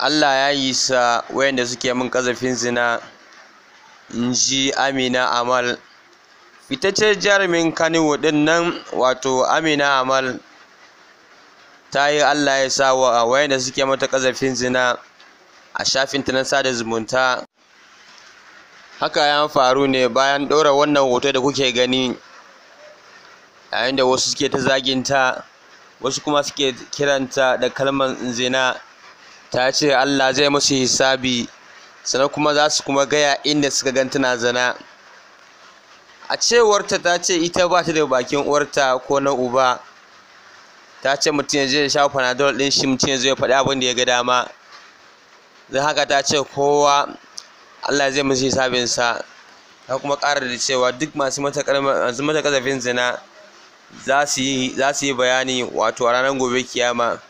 Allah ya yi sa wayanda suke min ƙazafin zina in ji Amina Amal fitaccen jarumin Kano din nan wato Amina Amal ta yi Allah ya sa wa wayanda suke mata ƙazafin zina a shafinta na sada zumunta haka ya faru ne bayan ɗora wannan hoto da kuke gani yayin da wasu suke ta zaginta wasu kuma suke kiranta da kalmar zina ta ce Allah zai musu hisabi sannan kuma za su kuma gaya inda suka gan tana zana a cewarta ta ce ita ba ta da bakin uwarta ko na uba ta ce mutum ya je ya sha panadol din shi mutum ya zo ya faɗi abin da ya ga dama don haka ta ce kowa Allah zai musu hisabinsa ta kuma ƙara da cewa duk masu matakar zafin zina za su yi bayani wato a ranar gobe kiyama